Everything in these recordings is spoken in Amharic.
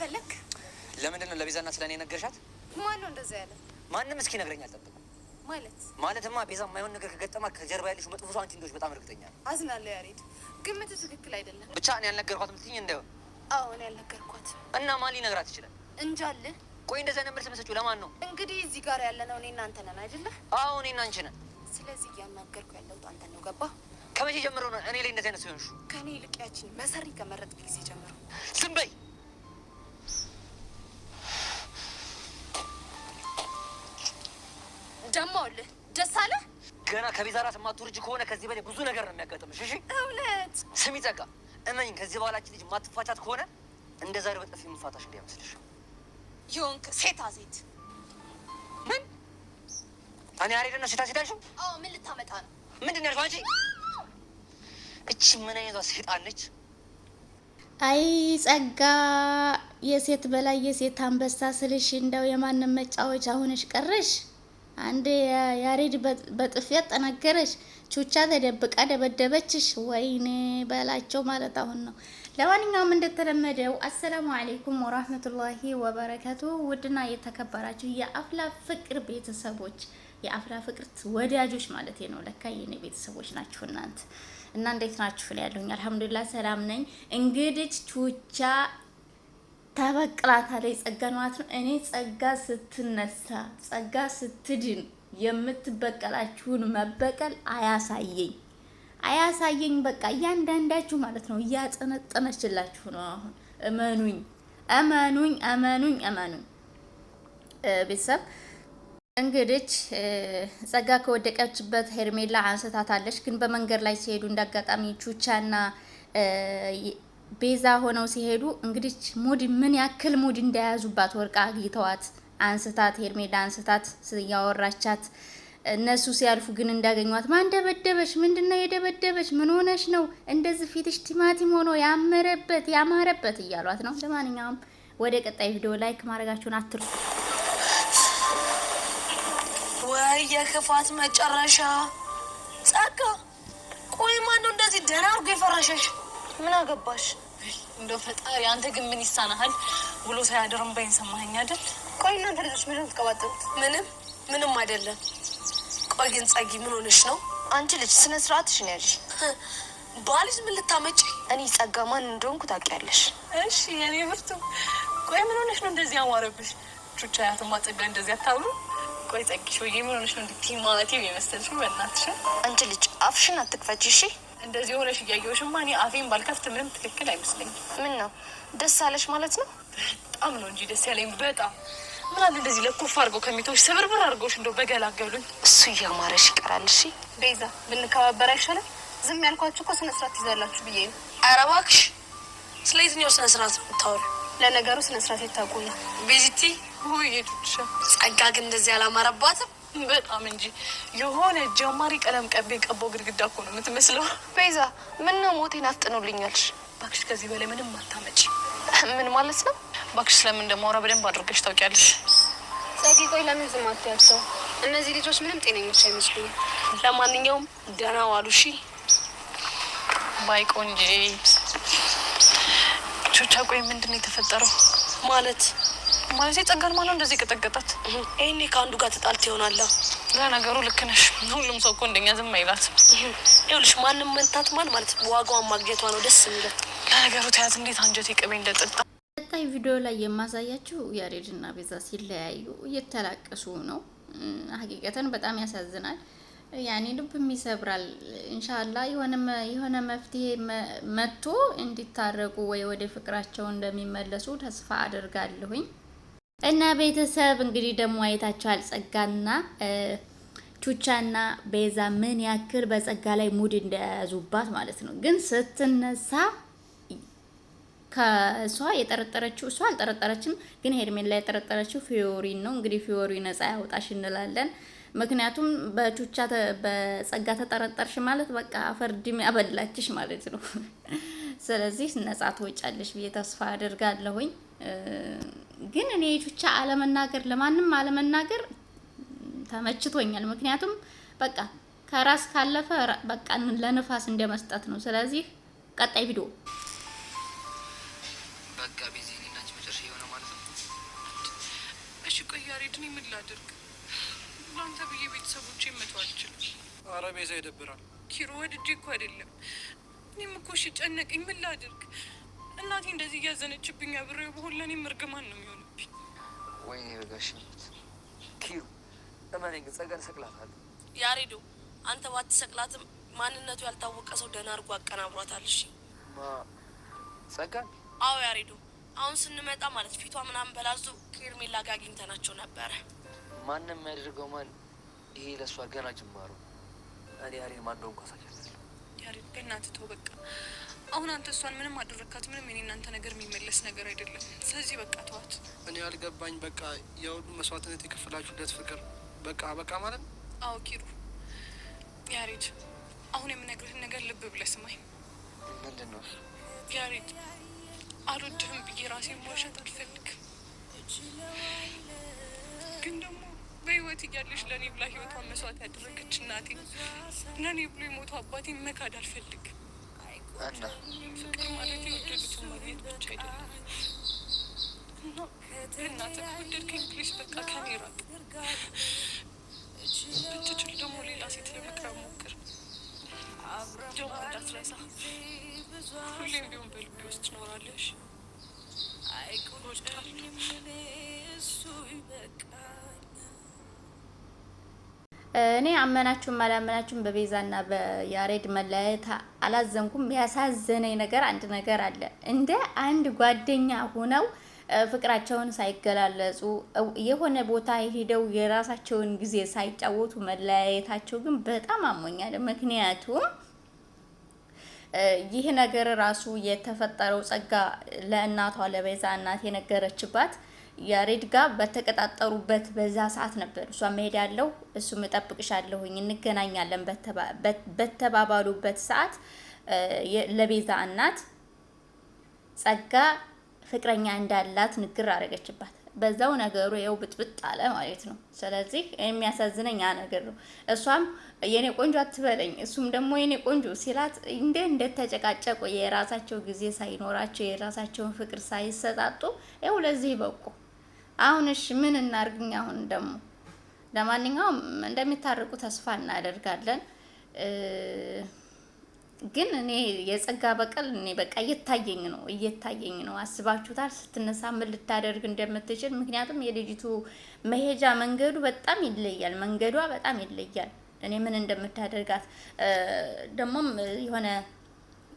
ፈለክ? ለምንድን ነው ለቤዛና ስለ እኔ ነገርሻት? ማን ነው እንደዛ ያለ? ማንም እስኪ ነግረኝ አልጠብቅም። ማለት ማለትማ ቤዛ የማይሆን ነገር ከገጠማ ከጀርባ ያለሽ መጥፎ ሰው አንቺ እንደሆንሽ በጣም እርግጠኛ ነው። አዝናለሁ ያሬድ፣ ግምት ትክክል አይደለም። ብቻ እኔ ያልነገርኳት ምትኝ እንደው? አዎ እኔ ያልነገርኳት እና ማን ሊነግራት ይችላል? እንጃለ ቆይ እንደዛ ነበር ስመሰችው ለማን ነው እንግዲህ? እዚህ ጋር ያለ ነው እኔ እናንተ ነን አይደለ? አዎ እኔ እና አንቺ ነን። ስለዚህ እያናገርኩ ያለሁት አንተ ነው። ገባ? ከመቼ ጀምሮ ነው እኔ ላይ እንደዚህ አይነት ሲሆንሹ? ከእኔ ይልቅ ያችን መሰሪ ከመረጥ ጊዜ ጀምሮ። ስንበይ ደግሞ ደስ አለ። ገና ከቤዛ ራስ የማትወርጅ ከሆነ ከዚህ በላይ ብዙ ነገር ነው የሚያጋጥምሽ። እሺ እውነት ስሚ ጸጋ፣ እመኝ ከዚህ በኋላችን ልጅ ማትፋቻት ከሆነ እንደ ዛሬ በጠፊ የምፋታሽ እንዳይመስልሽ። የሆንክ ሴት አዜት ምን እኔ አሬድና ሴታ ሴታሽ ምን ልታመጣ ነው? ምንድን ያልሽ አንቺ? እቺ ምን አይነቷ ሴጣን ነች? አይ ጸጋ፣ የሴት በላይ የሴት አንበሳ ስልሽ እንደው የማንም መጫወቻ ሆነሽ ቀረሽ። አንድ ያሬድ በጥፊ ያጠናገረች ቹቻ ተደብቃ ደበደበችሽ። ወይኔ በላቸው ማለት አሁን ነው። ለማንኛውም እንደተለመደው አሰላሙ አሌይኩም ወራህመቱላሂ ወበረከቱ። ውድና የተከበራችሁ የአፍላ ፍቅር ቤተሰቦች የአፍላ ፍቅር ወዳጆች ማለት ነው። ለካ የኔ ቤተሰቦች ናችሁ እናንተ እና እንዴት ናችሁ? ላይ ያለሁኝ አልሐምዱሊላህ ሰላም ነኝ። እንግዲህ ቹቻ ተበቅላታለች ጸጋን ማለት ነው። እኔ ጸጋ ስትነሳ ጸጋ ስትድን የምትበቀላችሁን መበቀል አያሳየኝ አያሳየኝ። በቃ እያንዳንዳችሁ ማለት ነው እያጠነጠነችላችሁ ነው። አሁን እመኑኝ እመኑኝ እመኑኝ እመኑኝ ቤተሰብ እንግዲህ ጸጋ ከወደቀችበት ሄርሜላ አንስታታለች። ግን በመንገድ ላይ ሲሄዱ እንዳጋጣሚ ቹቻና ቤዛ ሆነው ሲሄዱ እንግዲህ ሙድ ምን ያክል ሙድ እንደያዙባት ወርቃ አግኝተዋት አንስታት ሄርሜላ አንስታት ያወራቻት እነሱ ሲያልፉ ግን እንዳገኟት ማን ደበደበሽ? ምንድነው የደበደበች የደበደበሽ? ምን ሆነሽ ነው እንደዚህ ፊትሽ ቲማቲም ሆኖ ያመረበት ያማረበት እያሏት ነው። ለማንኛውም ወደ ቀጣይ ቪዲዮ ላይክ ማድረጋችሁን አትርሱ። ወይ የክፋት መጨረሻ ጸጋ። ቆይ ማነው እንደዚህ ደህና የፈረሸሽ? ምን አገባሽ? እንደው ፈጣሪ አንተ ግን ምን ይሳናሃል? ውሎ ሳያደርም ባይን ሰማኸኝ አይደል? ቆይ እናንተ ልጆች ምን ትቀባጥሩት? ምንም ምንም አይደለም። ቆይ ግን ጸጊ ምን ሆነሽ ነው? አንቺ ልጅ ስነ ስርዓትሽ ነው ያልሽ። ባልሽ ምን ልታመጪ? እኔ ጸጋ ማን እንደሆንኩ ታውቂያለሽ። እሺ የኔ ብርቱ፣ ቆይ ምን ሆነሽ ነው እንደዚህ አማረብሽ? ቹቻ ያትማ ጸጋ እንደዚህ አታውሉ። ቆይ ጸጊሽ ወይ ምን ሆነሽ ነው? ቲማቲም የመሰልሽ በእናትሽ። አንቺ ልጅ አፍሽን አትክፈቺ እሺ እንደዚህ የሆነሽ እያየሁሽማ እኔ አፌን ባልከፍት ምንም ትክክል አይመስለኝም። ምን ነው ደስ አለሽ ማለት ነው? በጣም ነው እንጂ ደስ ያለኝ በጣም ምናምን እንደዚህ ለኮፍ አድርገው ከሚቶች ስብርብር አድርገውሽ እንደው በገላገሉኝ። እሱ እያማረሽ ይቀራል። እሺ ቤዛ ብንከባበር አይሻልም? ዝም ያልኳችሁ እኮ ስነስርዓት ይዛላችሁ ብዬ ነው። ኧረ እባክሽ ስለ የትኛው ስነስርዓት የምታወሪው? ለነገሩ ስነስርዓት የታውቁና ቤዚቲ ውይሄዱሻ ጸጋ ግን እንደዚህ አላማረባትም። በጣም እንጂ የሆነ ጀማሪ ቀለም ቀቤ የቀባው ግድግዳ እኮ ነው የምትመስለው። ቤዛ ምን ነው ሞቴን አፍጥኖልኛልሽ? ባክሽ ከዚህ በላይ ምንም አታመጪ። ምን ማለት ነው ባክሽ? ስለምን እንደማወራ በደንብ አድርገሽ ታውቂያለሽ። ጸጊ፣ ቆይ ለምን ዝም አትያቸው? እነዚህ ልጆች ምንም ጤነኞች አይመስሉም? ለማንኛውም ደህና ዋሉ። እሺ ባይ ቆንጆ ቾቻ። ቆይ ምንድን ነው የተፈጠረው ማለት ማለት ጸጋን ማለት እንደዚህ ቀጠቀጣት። ይህኔ ከአንዱ ጋር ተጣልት ይሆናለ። ለነገሩ ልክ ነሽ። ሁሉም ሰው እኮ እንደኛ ዝም አይላት። ይኸውልሽ ማንም መንታት ማን ማለት ዋጋዋን ማግኘቷ ነው ደስ የሚለው። ለነገሩ ተያት እንዴት አንጀት ቅቤ እንደጠጣ ቀጣይ ቪዲዮ ላይ የማሳያችሁ ያሬድ እና ቤዛ ሲለያዩ እየተላቀሱ ነው። ሀቂቀተን በጣም ያሳዝናል። ያኔ ልብም ይሰብራል። እንሻላ የሆነ መፍትሄ መጥቶ እንዲታረቁ ወይ ወደ ፍቅራቸው እንደሚመለሱ ተስፋ አድርጋለሁኝ። እና ቤተሰብ እንግዲህ ደግሞ አይታችኋል ጸጋና ቹቻና ቤዛ ምን ያክል በጸጋ ላይ ሙድ እንደያዙባት ማለት ነው። ግን ስትነሳ ከእሷ የጠረጠረችው እሷ አልጠረጠረችም፣ ግን ሄርሜላ የጠረጠረችው ፊዮሪን ነው። እንግዲህ ፊዮሪ ነጻ ያውጣሽ እንላለን። ምክንያቱም በቹቻ በጸጋ ተጠረጠርሽ ማለት በቃ አፈር ድሜ አበላችሽ ማለት ነው። ስለዚህ ነጻ ትወጫለሽ ብዬ ተስፋ አድርጋለሁኝ። ግን እኔ ብቻ አለመናገር ለማንም አለመናገር ተመችቶኛል። ምክንያቱም በቃ ከራስ ካለፈ በቃ ለንፋስ እንደመስጠት ነው። ስለዚህ ቀጣይ ቪዲዮ በቃ ቤዛ እኔና አንቺ መጨረሻ የሆነ ማለት ነው። እሺ ቆይ ያሬድ፣ እኔ ምን ላድርግ? ለአንተ ብዬ ቤተሰቦቼ መቶ አልችልም። አረ ቤዛ ይደብራል። ኪሮ ወድጄ እኮ አይደለም። እኔም እኮ እሺ ጨነቀኝ። ምን ላድርግ? እናቴ እንደዚህ እያዘነችብኝ አብሬ በሆን ለእኔም እርግማን ነው የሚሆንብኝ። ወይኔ በጋሽነት ኪሩ እመኔ ግን ጸገን ሰቅላታል። ያሬዶ አንተ ባትሰቅላትም ማንነቱ ያልታወቀ ሰው ደህና አድርጎ አቀናብሯታል። እሺ ጸጋን? አዎ ያሬዶ፣ አሁን ስንመጣ ማለት ፊቷ ምናምን በላዞ ከኤርሜላ ጋር አግኝተናቸው ነበረ። ማንም የሚያደርገው ማን ይሄ ለእሷ ገና ጅማሩ። እኔ ያሬ ማንደውን ኳሳቸ ያሬ ገና ትቶ በቃ አሁን አንተ እሷን ምንም አደረካት ምንም የኔ እናንተ ነገር የሚመለስ ነገር አይደለም። ስለዚህ በቃ ተዋት። እኔ ያልገባኝ በቃ የሁሉ መስዋዕትነት የከፈላችሁለት ፍቅር በቃ በቃ ማለት ነው። አዎ ኪሩ፣ ያሬድ፣ አሁን የምነግርህን ነገር ልብ ብለህ ስማኝ። ምንድን ነው ያሬድ? አልወድህም ብዬ ራሴን መዋሸት አልፈልግም፣ ግን ደግሞ በህይወት እያለች ለእኔ ብላ ህይወቷን መስዋዕት ያደረገች እናቴ፣ ለእኔ ብሎ የሞተው አባቴ መካድ አልፈልግም። ፍቅር ማለት የወደዱትን ማግኘት ብቻ አይደለም እና እናትህ ፕሊስ በቃ ከኔ ራቅ። ብትችል ደግሞ ሌላ ሴት ለመቅረብ ሞክር። ደግሞ እንዳትረሳ ሁሌም ቢሆን በልቤ ውስጥ ትኖራለሽ። ወድሃለሁ። እኔ አመናችሁም አላመናችሁም በቤዛና በያሬድ መለያየት አላዘንኩም። ያሳዘነኝ ነገር አንድ ነገር አለ። እንደ አንድ ጓደኛ ሆነው ፍቅራቸውን ሳይገላለጹ የሆነ ቦታ ሄደው የራሳቸውን ጊዜ ሳይጫወቱ መለያየታቸው ግን በጣም አሞኛል። ምክንያቱም ይህ ነገር ራሱ የተፈጠረው ጸጋ ለእናቷ ለቤዛ እናት የነገረችባት ያሬድ ጋር በተቀጣጠሩበት በዛ ሰዓት ነበር እሷ መሄድ ያለው እሱም እጠብቅሻለሁኝ እንገናኛለን በተባባሉበት ሰዓት ለቤዛ እናት ጸጋ ፍቅረኛ እንዳላት ንግር አደረገችባት። በዛው ነገሩ ይኸው ብጥብጥ አለ ማለት ነው። ስለዚህ የሚያሳዝነኝ ያ ነገር ነው። እሷም የኔ ቆንጆ አትበለኝ፣ እሱም ደግሞ የኔ ቆንጆ ሲላት እንደ እንደተጨቃጨቁ የራሳቸው ጊዜ ሳይኖራቸው የራሳቸውን ፍቅር ሳይሰጣጡ ይኸው ለዚህ በቁ። አሁን ምን እናርግኝ? አሁን ደግሞ ለማንኛውም እንደሚታርቁ ተስፋ እናደርጋለን። ግን እኔ የጸጋ በቀል እኔ በቃ እየታየኝ ነው እየታየኝ ነው። አስባችሁታል? ስትነሳ ምን ልታደርግ እንደምትችል ምክንያቱም የልጅቱ መሄጃ መንገዱ በጣም ይለያል። መንገዷ በጣም ይለያል። እኔ ምን እንደምታደርጋት ደግሞም የሆነ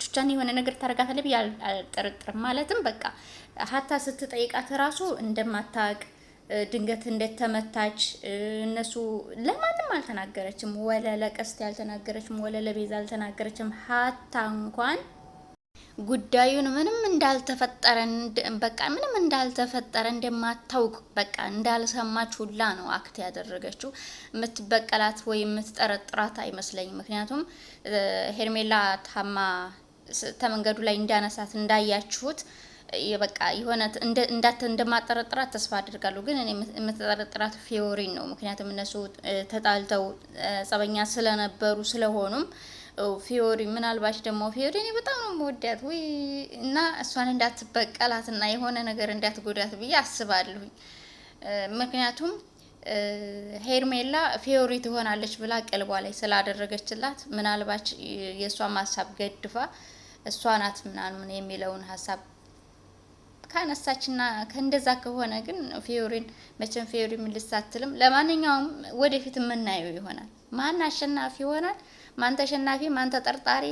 ቹቻን የሆነ ነገር ታደርጋታለህ ብዬ አልጠረጥርም። ማለትም በቃ ሀታ ስትጠይቃት ራሱ እንደማታቅ ድንገት እንደተመታች እነሱ ለማንም አልተናገረችም። ወለ ለቀስት ያልተናገረችም፣ ወለ ለቤዛ አልተናገረችም። ሀታ እንኳን ጉዳዩን ምንም እንዳልተፈጠረ በቃ ምንም እንዳልተፈጠረ እንደማታውቅ በቃ እንዳልሰማች ሁላ ነው አክት ያደረገችው። የምትበቀላት ወይ የምትጠረጥራት አይመስለኝም። ምክንያቱም ሄርሜላ ታማ ተመንገዱ ላይ እንዳነሳት እንዳያችሁት በቃ የሆነ እንዳት እንደማጠረጥራት ተስፋ አድርጋለሁ። ግን እኔ የምትጠረጥራት ፊዮሪን ነው። ምክንያቱም እነሱ ተጣልተው ጸበኛ ስለነበሩ ስለሆኑም ፊዮሪ ምናልባች ደግሞ ፊዮሪ እኔ በጣም ነው የምወዳት ወይ እና እሷን እንዳትበቀላት እና የሆነ ነገር እንዳትጎዳት ብዬ አስባለሁኝ። ምክንያቱም ሄርሜላ ፊዮሪ ትሆናለች ብላ ቅልቧ ላይ ስላደረገችላት ምናልባች የእሷን ሀሳብ ገድፋ እሷ ናት ምናምን የሚለውን ሀሳብ ካነሳችና ከእንደዛ ከሆነ ግን ፌዮሪን መቼም ፌዮሪ ምልስ አትልም። ለማንኛውም ወደፊት የምናየው ይሆናል። ማን አሸናፊ ይሆናል? ማን ተሸናፊ፣ ማን ተጠርጣሪ፣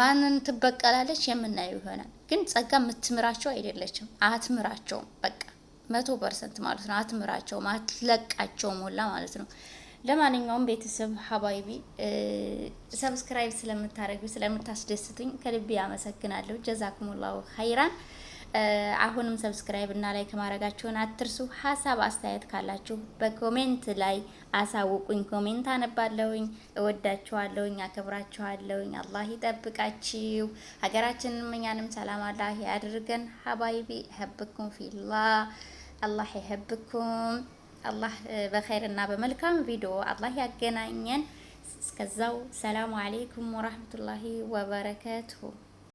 ማንን ትበቀላለች የምናየው ይሆናል። ግን ጸጋ የምትምራቸው አይደለችም፣ አትምራቸውም። በቃ መቶ ፐርሰንት ማለት ነው። አትምራቸውም፣ አትለቃቸውም ሁላ ማለት ነው። ለማንኛውም ቤተሰብ ሀባይቢ ሰብስክራይብ ስለምታደርጉ ስለምታስደስትኝ ከልቤ አመሰግናለሁ። ጀዛኩሙላሁ ሀይራን አሁንም ሰብስክራይብ እና ላይክ ማድረጋችሁን አትርሱ። ሀሳብ አስተያየት ካላችሁ በኮሜንት ላይ አሳውቁኝ። ኮሜንት አነባለሁኝ። እወዳችኋለሁኝ፣ አከብራችኋለሁኝ። አላህ ይጠብቃችሁ። ሀገራችንም እኛንም ሰላም አላህ ያድርገን። ሀባይቢ ህብኩም ፊላ አላህ ይህብኩም። አላህ በኸይር እና በመልካም ቪዲዮ አላህ ያገናኘን። እስከዛው ሰላሙ አሌይኩም ወራህመቱላሂ ወበረከቱሁ።